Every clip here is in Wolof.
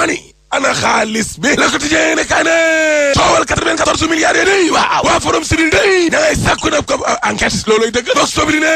dama ni ana xaalis bi la ko tijjee ne kaane coowal 94 milliards yee day waaw waa forum civil day da ngay sàkku nag ko euh, enquête looloy dëgg box sobri ne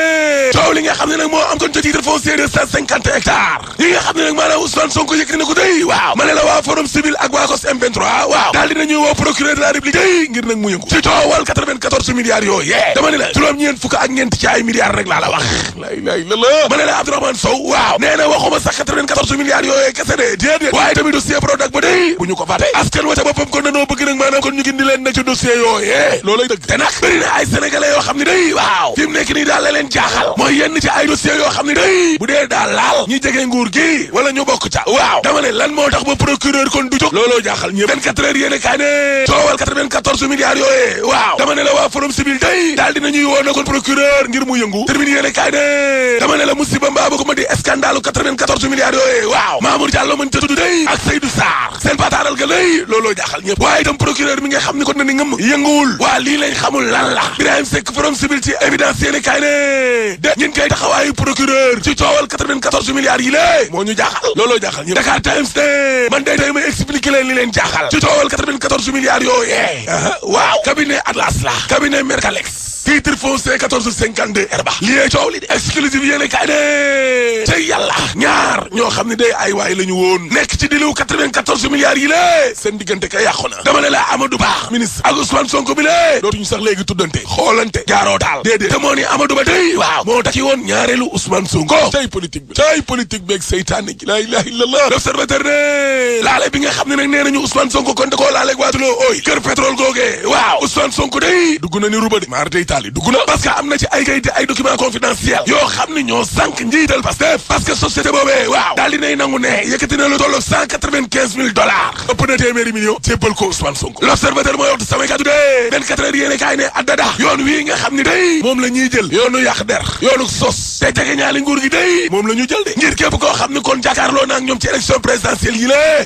coow li nga xam ne nag moo am kon ci titre foncier de 150 hectares yi nga xam ne nag maanaam Ousmane Sonko yëkkati na ko day waaw ma ne la waa forum civil ak waa COS M23 waaw dañuy woo procureur de la république day ngir nag mu yëngu ci coowal 94 milliards dama ne la juróom-ñeent fukk ak ñeent ci ay milliards rek laa la wax lay lay la la ma ne la Abdourahmane Sow waaw nee waxuma sax 94 milliards kese de déedéet waaye tamit dossier Prodac ba day bu ñu ko fàtte askan wa ca boppam kon danoo bëgg nag maanaam kon ñu gindi leen nag ci dossier yooyu loolay dëgg te nag bëri ay sénégalais yoo xam ne day waaw fi nekk nii kaay ne coowal 94 waaw dama ne la waa forum civil day daal dinañuy woo na kon procureur ngir mu yëngu termine yéene kaay ne dama ne la musiba mbaa ba ko ma di scandale 94 milliards yooyee waaw Mamour Diallo mën ca tudd day ak Seydou Sarr seen pataaral ga lay looloo jaaxal ñëpp waaye itam procureur mi nga xam ni kon na ni ngëm yënguwul waa lii lañ xamul lan la Birahim Seck forum civil ci évidence yéene kaay ne de ñun kay taxawaayu procureur ci coowal 94 milliards yi quatorze milliards yooyee uh-huh. waaw cabinet Atlas la cabinet Mercalex titre foncier 1452 herba liee coow li exclusive yéene kaay de ca yàlla ñaar ñoo xam ne day ay waay la ñu woon nekk ci diliw 94 milliards yi lée seen diggante kay yàqu na dama ne la Amadou Ba ministre ak Ousmane Sonko bi lée dootuñu sax léegi tuddante xoolante jaaroo daal déedéet te moo ni Amadou Ba day moo tax woon ñaareelu Ousmane Sonko cay politique bi cay politique bi ak seytaane gi laa ilaaha laale bi nga xam ne nag nee nañu Ousmane Sonko kon da koo laaleeg waatuloo ooy kër pétrole googee waaw Ousmane Sonko day dugg na ni ruba de maar day taali dugg na parce am na ci ay kayit ay document confidentiel yoo xam ne ñoo sànq njiital Pastef parce que société boobee waaw daal di nangu ne yëkkati na lu tolloog cent quatre l'observateur mooy waxtu samay kàddu dee benn kaay ne addada yoon wii nga xam ne day moom la jël yoonu yàq der yoonu sos te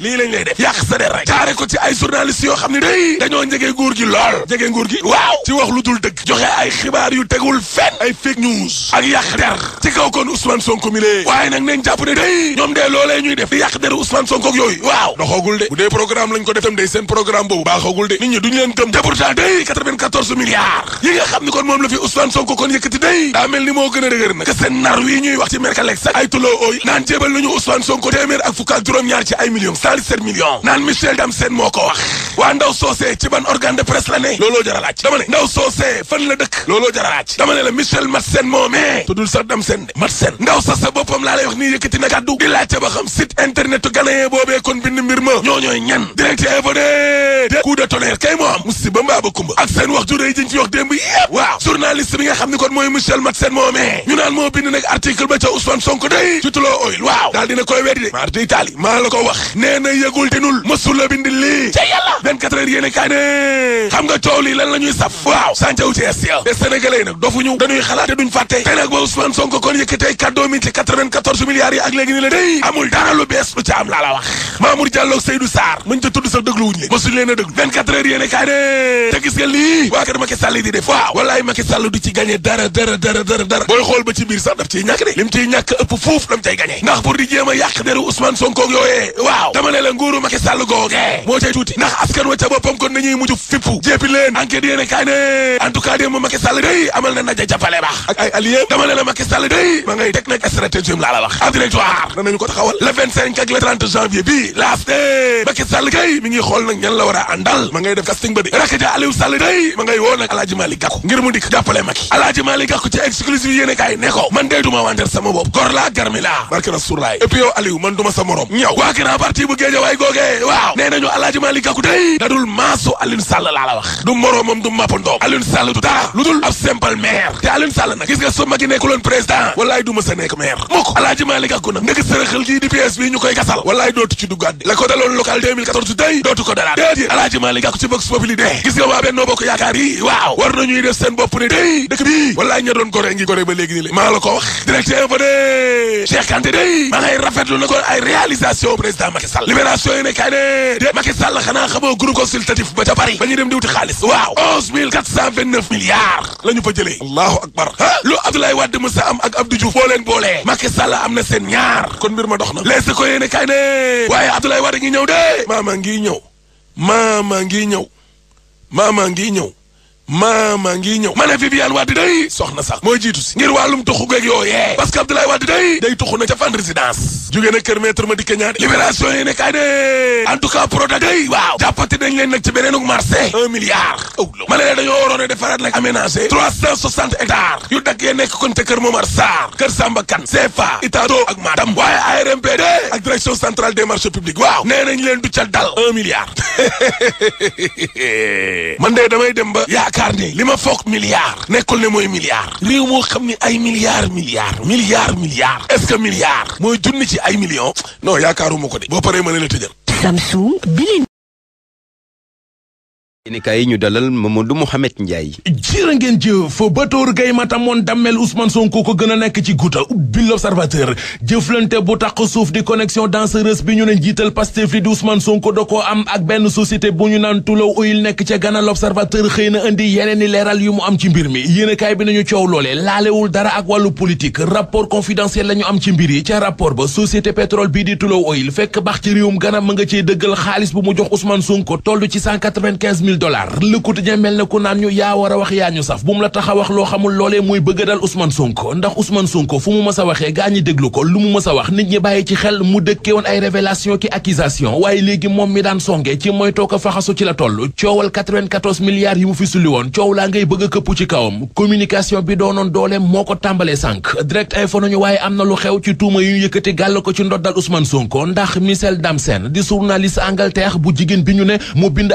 lii lañ lay def yàq sa der rek jaare ko ci ay journalistes yoo xam ne dañoo njegee nguur gi lool jegee nguur gi waaw ci wax lu dul dëgg joxe ay xibaar yu tegul fenn ay fake news ak yàq der ci kaw kon Ousmane Sonko mi lee waaye nag nañ jàpp ne day ñoom dee loolee ñuy def di yàq der Ousmane Sonko ak yooyu waaw doxagul de bu dee programme lañ ko def tam day seen programme boobu baaxagul de nit ñi duñ leen gëm te pourtant day 94 xam ni kon moom a millions cent dix-sept millions naan Michel Dame Sène moo ko wax waa ndaw soosee ci ban organe de presse la ne looloo jar a laaj ndaw soosee fan la dëkk looloo jar a laaj la Michel Mat Sène moo mee tuddul sax de Mat ndaw sax sa boppam laa lay wax nii yëkkati na kàddu di laajte ba xam site internet ganaye boobee kon bind mbir ma ñoo ñan direct évodé de coup de tonnerre kay moo am musiba mbaa ba kumba ak seen wax ju rëy jiñ fi wax démb bi nga waaw daal dina koy nee na yëgul tinul mësula bind lii ca yàlla 24 heures ne xam nga coow lii lan la saf waaw sàncaw ci est ya te sénégalais yi nag dofuñu dañuy xalaat duñ fàtte te nag ba Ousmane Sonko kon yëkkatey kaddoo mi ci 94 yi ak léegi ni la day amul dara lu bees lu ca am laa la wax Mamour Diallo ak Seydou Sarr muñ ta tudd sax dëgluwuñu leen mësuñ leen a dëglu 24 heures yéene kaay ne te gis nga lii waa kër Macky Sall di def waaw wallaay Macky Sall du ci gagné dara dara dara ba ci biir sax daf dama ne nguuru Macky Sall googee moo cay tuuti ndax askan wa boppam kon nañuy mujj fippu jéppi leen enquête yéene a man day duma wanteer sama bopp gor laa garmi laa barke na sur laay et man duma sa morom ñëw politique bu Géejawaay googee waaw nee nañu Alaaji Malick Gakou tey dadul maasu Alioune Sall laa la wax du moroomam du mappandoom Alioune Sall du dara lu dul ab simple maire te Alioune Sall nag gis nga su ma gi nekkuloon président walaay du ma nekk maire mukk Alaaji Malick Gakou nag ndëkk sërëxal gii di PS bi ñu koy gasal walaay dootu ci duggaat la ko daloon local 2014 ci Vox Populi de gis nga waa Benno Bokk Yaakaar yi waaw war nañuy def seen Macky Sall libération yi ne kay ne dée Macky xanaa xamoo groupe consultatif ba ca Paris ba ñuy dem di wuti xaalis waaw onze mille fa jëlee allahu akbar ah lu Abdoulaye Wade Moussa am ak Abdou Diouf boo leen boolee Macky am na seen ñaar kon mbir ma dox na lees ko yéene kay ne waaye Abdoulaye Wade ngi ñëw de maama ngi ñëw maa maa ngi ñëw maama ngi ñëw ma ne Viviane Wade day soxna sax mooy jiitu si ngir wàllum tuxu geeg yooyee parce que Abdoulaye Wade day tuxu na ca fan résidence jógee kër maître ma dikke ñaade libération yi ne de en tout cas Prodac day waaw jàppati leen nag ci beneenug marché un milliard awlo ma ne leen dañoo waroon a defaraat nag aménagé trois cent soixante hectares yu daggee nekk kon te kër Momar Sarr kër Samba Kane CFA Itado ak Matam waaye ARMP de ak direction centrale dem ba yaakaar yaakaar ne li ma foog milliard nekkul ne mooy milliard réew moo xam ne ay milliard milliard milliard milliard est-ce que milliard mooy junni ci ay million non yaakaaruma ko de boo paree ma ne la tëjal Samsung bi yéenekaay yi ñu dalal Mamadou Mouhamed Ndiaye jërë ngeen jëf batóor gay matamoon dammel Ousmane Sonko ko gën a nekk ci guuta ubbi l'Observateur jëflante bu taq suuf di connexion dansereuse bi ñu ne njiital Pastef li di Ousmane Sonko da koo am ak benn société bu ñu naan Tullow Oil nekk ca Ghana l'Observateur xëy na indi yeneen i leeral yu mu am ci mbir mi yéenekaay bi nañu coow loolee laalewul dara ak wàllu politique rapport confidentiel la am ci mbir mille dollars le quotidien mel na ku naan ñu yaa war a wax yaa ñu saf bu mu la tax a wax loo xamul loolee muy bëgg dal Ousmane Sonko ndax Ousmane Sonko ci xel mi daan songe ci mooy toog a faxasu ci la toll coowal 94 milliards yi mu fi sulli woon coow laa ngay bëgg a ci kawam communication bi doonoon doole moo ko tàmbalee sànq direct info nañu waaye am na lu xew ci tuuma yu ñu yëkkati gàll ko ci ndoddal Ousmane Sonko ndax Michel Damsen di journaliste Angleterre bu jigéen bi ñu ne mu bind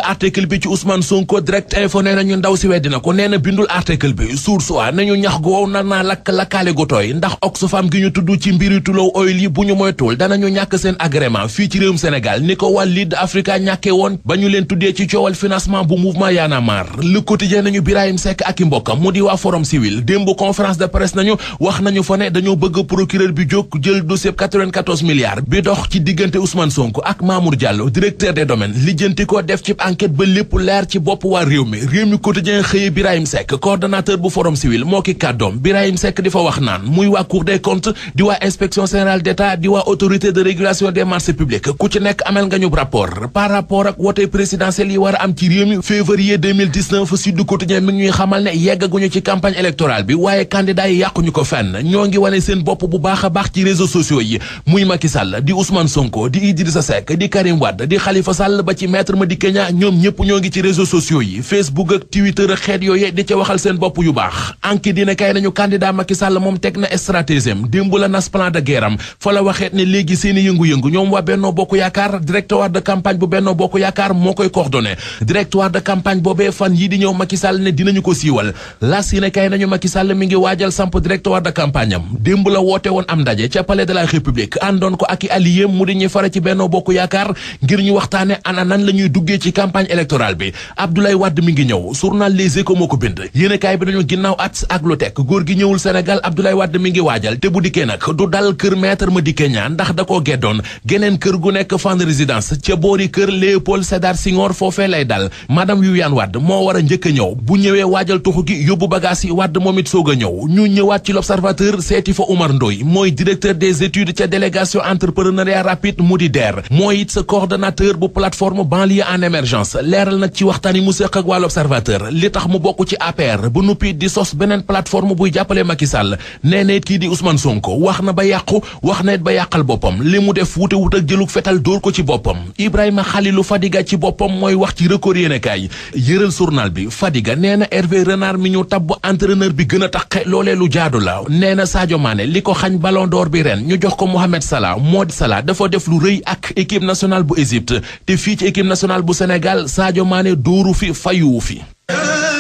Ousmane Sonko direct info nee ndaw si weddi ko nee na bindul article bi source ñax gu wow nar naa lakk lakkaale gu tooy ndax Oxfam gi ñu tudd ci mbiri tulow bu ñu moytuwul danañu ñàkk seen agrément fii ci réewum Sénégal ni ko wàl Lead Africa ñàkkee woon ba ñu leen tuddee ci coowal financement bu mouvement Y en a marre Le Quotidien nañu Birahim Seck ak i mbokkam mu di waa Forum Civil démb conférence de presse nañu wax nañu fa ne dañoo bëgg procureur bi jóg jël dossier 94 milliards bi dox ci diggante Ousmane Sonko ak Mamour Diallo directeur des domaines lijjanti ko def ci enquête ba lépp leer ci bopp waa réew mi réew mi quotidien xëye Birahim Seck coordonnateur bu forum civil moo ki kàddoom Birahim Seck di fa wax naan muy waa cour des comptes di waa inspection générale d'état di waa autorité de régulation des marchés publics ku ci nekk amel nga ñub rapport par rapport ak wote présidentiel yi war a am ci réew mi février 2019 Sud Quotidien mi ngi ñuy xamal ne yeggaguñu ci campagne électorale bi waaye candidat yi yàquñu ko fenn ñoo réseaux sociaux yi Facebook ak Twitter ak xeet yooy di ca waxal seen bopp yu baax enquête dina kay nañu candidat Macky moom teg na stratégème démb la nas plan de guerre am fa la waxeet ne léegi seen i yëngu-yëngu ñoom waa Benno Bokk Yaakaar directoire de campagne bu Benno Bokk Yaakaar moo koy coordonné directoire de campagne boobee fan yi di ñëw Macky Sall ne dinañu ko siiwal las yi ne kay nañu Macky Sall mi ngi waajal samp directoire de campagne la woote woon am ndaje ca palais de la République i allié Bokk Yaakaar ngir ñu waxtaane ana nan la ñuy duggee ci campagne électorale bi bi Abdoulaye Wade mi ngi ñëw journal Les Échos moo ko bind yéenekaay bi dañu ginnaaw at ak lu teg góor gi ñëwul Sénégal Abdoulaye Wade mi ngi waajal te bu dikkee nag du dal kër maître Madické Niang ndax da koo geddoon geneen kër gu nekk fan résidence ca boori kër Léopold Sédar Senghor foofe lay dal madame Viviane Wade moo war a njëkk a ñëw bu ñëwee waajal tuxu gi yóbbu bagage yi Wade moom it a ñëw ñu ñëwaat ci l'Observateur seeti fa Oumar Ndoye mooy directeur des études ca délégation entrepreneuriat rapide mu di DER it sa coordonnateur bu plateforme banlieue en émergence leeral nag ci ci waxtaan yi mu seq ak waa l'Observateur li tax mu bokk ci APR ba nuppi di sos beneen plateforme buy jàppale Macky Sall nee na it kii di Ousmane Sonko wax na ba yàqu wax na it ba yàqal boppam li mu def wute wut ak jëlug fetal dóor ko ci boppam Ibrahima Khalilou Fadiga ci boppam mooy wax ci record yéenekaay yëral journal bi Fadiga nee na Hervé Renard mi ñu tabb entraîneur bi gën a taqe loolee lu jaadu la nee na Sadio maane li ko xañ Ballon door bi ren ñu jox ko Mohamed Salah moo Salah dafa def lu rëy ak équipe nationale bu Égypte dooru fi fayuu fi